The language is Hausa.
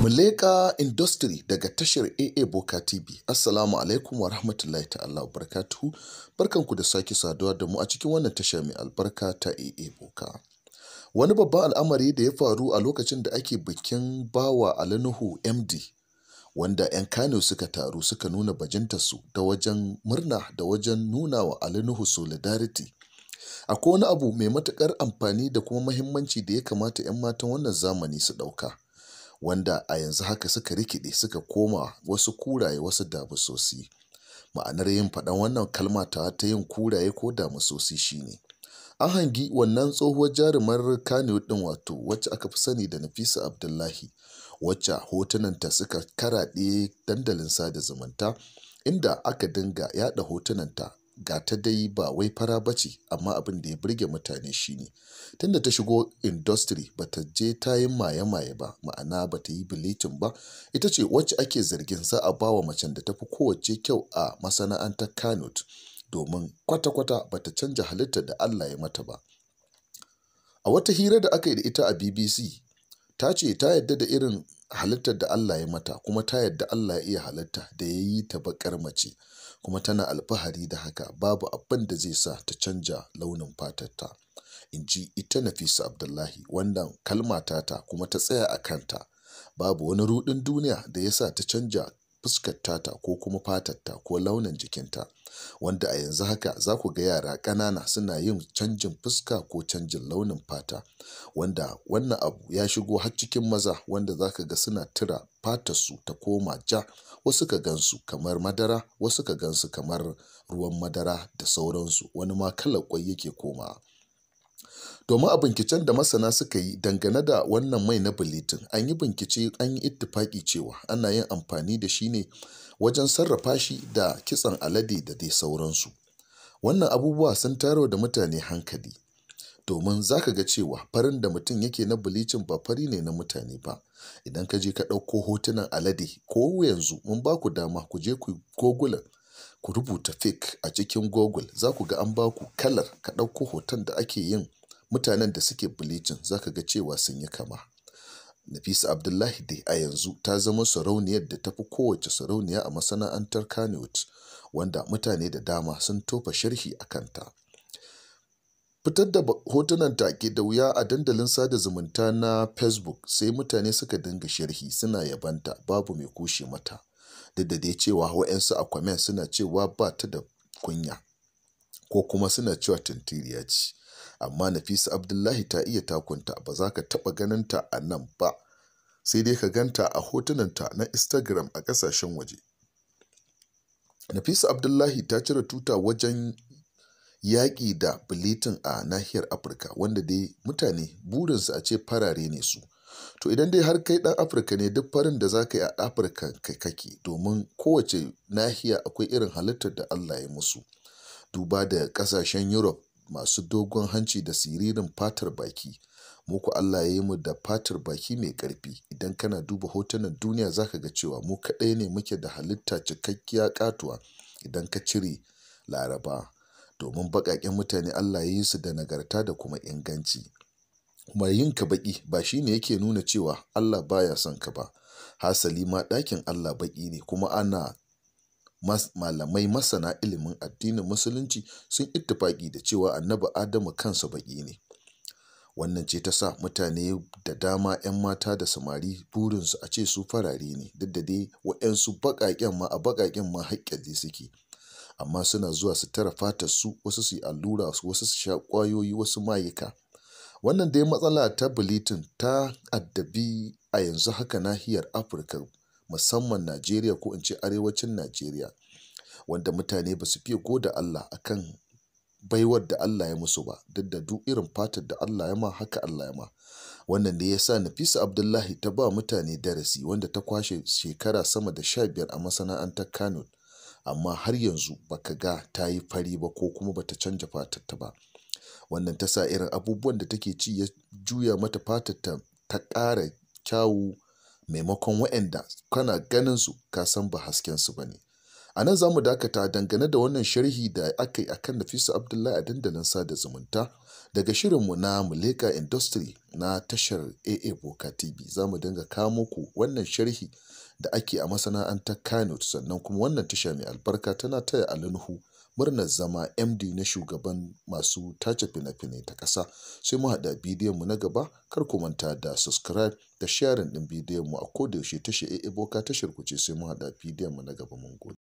Muleka Industry daga tashar AA Boka TV. Assalamu alaikum wa rahmatullahi ta'ala wa barkatu. Barkanku da sake saduwa da mu a cikin wannan tasha mai albarka ta AA Boka. Wani babban al'amari da ya faru a lokacin da ake bikin bawa Nuhu MD wanda 'yan Kano suka taru suka nuna bajintarsu da wajen murna da wajen nuna wa Nuhu solidarity Akwai wani abu mai matuƙar amfani da kuma mahimmanci da ya kamata 'yan matan wannan zamani su ɗauka, wanda a yanzu haka suka rikiɗe suka koma wasu kuraye wasu damusosi Ma'anar yin faɗan wannan kalma ta ta yin kuraye ko damusosi shi ne, an hangi wannan tsohuwar jarumar Kano ɗin wato wacce aka fi sani da Nafisa Abdullahi, wacce hotunanta suka karaɗe dandalin sada zumunta, inda aka dinga yaɗa hotunanta ga ta dai ba wai fara ba ce amma abin da ya burge mutane shine tunda ta shigo industry ba ta je ta yi maye-maye ba ma'ana ba ta yi bilitin ba ita ce wacce ake zargin za a bawa macen da tafi kowace kyau a masana'antar kanut domin kwata-kwata ba ta canja halittar da allah ya mata ba a wata hira da aka yi da ita a bbc ta ce ta yadda da irin halittar da Allah ya mata kuma ta yadda Allah ya iya halitta da ya yi ta bakar mace kuma tana alfahari da haka babu abin da zai sa ta canja launin fatarta in ji ita nafisa abdullahi wannan kalma ta kuma ta tsaya a kanta babu wani rudin duniya da ya sa ta canja Fuskarta ta ko kuma fatar ta ko launin jikinta wanda a yanzu haka za ku ga yara ƙanana suna yin canjin fuska ko canjin launin fata wanda wannan abu ya shigo har cikin maza wanda za ka ga suna tura fatarsu ta koma ja wasu ka gansu kamar madara wasu ka gansu kamar ruwan madara da sauransu wani ma kalar kwai yake komawa domin a binciken da masana suka yi dangane da wannan mai na bilitin an yi bincike an yi ittifaki cewa ana yin amfani da shi ne wajen sarrafa shi da kitsan alade da dai sauransu wannan abubuwa sun taro da mutane hankali domin za ka ga cewa farin da mutum yake na bilicin ba fari ne na mutane ba idan ka je ka ɗauko hotunan alade ko yanzu mun ba ku dama ku je ku gogulan ku rubuta fake a cikin google za ku ga an ba ku kalar ka ɗauko hoton da ake yin mutanen da suke bilijin za ka ga cewa sun yi kama. Nafisa Abdullahi dai a yanzu ta zama sarauniyar da ta fi kowace sarauniya a masana'antar kanewut wanda mutane da dama sun tofa sharhi a kanta. Fitar da hotunan take da wuya a dandalin sada zumunta na Facebook sai mutane suka dinga sharhi suna yabanta babu mai kushe mata. Duk da dai cewa wa'yansu a kwamen suna cewa ba ta da kunya ko kuma suna cewa tuntiriya ce. amma Nafisa Abdullahi ta iya takunta ba za ka taɓa ganinta a nan ba sai dai ka ganta a hotunanta na Instagram a ƙasashen waje. Nafisa Abdullahi ta cire tuta wajen yaƙi da bilitin a nahiyar Afirka wanda dai mutane burinsu a ce farare ne su. To idan dai har kai ɗan Afirka ne duk farin da za ka yi a Afirka kai kake domin kowace nahiya akwai irin halittar da Allah ya musu. Duba da ƙasashen Europe masu dogon hanci da siririn fatar baki. muku Allah ya yi mu da fatar baki mai ƙarfi. Idan kana duba hotunan duniya zaka ga cewa mu kaɗai ne muke da halitta cikakkiya ƙatuwa idan ka cire Laraba. Domin baƙaƙen mutane Allah ya yi su da nagarta da kuma inganci. Kuma yin ka baƙi ba shi ne yake nuna cewa Allah baya son ka ba. Hasali ma ɗakin Allah baƙi ne kuma ana malamai masana ilimin addinin musulunci sun ittifaƙi da cewa annabi Adamu kansa baƙi ne. Wannan ce ta sa mutane da dama 'yan mata da samari burinsu a ce su farare ne duk da dai waɗansu baƙaƙen ma a baƙaƙen ma haƙƙaje suke. Amma suna zuwa su tara fatar su wasu su yi allura wasu su sha ƙwayoyi wasu mayuka. Wannan dai matsala ta bilitin ta addabi a yanzu haka nahiyar Afirka musamman Najeriya ko in ce arewacin Najeriya wanda mutane ba su fiye goda Allah akan baiwar da Allah ya musu ba duk da duk irin fatar da Allah ya ma haka Allah ya ma wannan da ya sa Nafisa Abdullahi ta ba mutane darasi wanda ta kwashe shekara sama da sha biyar a masana'antar Kano amma har yanzu baka ga ta yi fari ba ko kuma bata canja ta ba wannan ta sa irin abubuwan da take ci ya juya mata fatarta ta ƙara kyawu maimakon waɗanda kana ganin su ka san ba hasken su bane a nan zamu dakata dangane da wannan sharhi da aka yi akan nafisu Abdullahi a dandalin sada zumunta daga shirin mu na Muleka Industry na tashar AA Boka TV zamu dinga kawo muku wannan sharhi da ake a masana'antar Kano sannan kuma wannan tasha mai albarka tana taya alunhu murnar zama MD na shugaban masu tace fina-finai ta ƙasa. Sai mu haɗa bidiyon mu na gaba kar ku manta da subscribe da sharing ɗin bidiyon mu a koda yaushe tashar AA tashar ku ce sai mu haɗa bidiyon mu na gaba mun gode.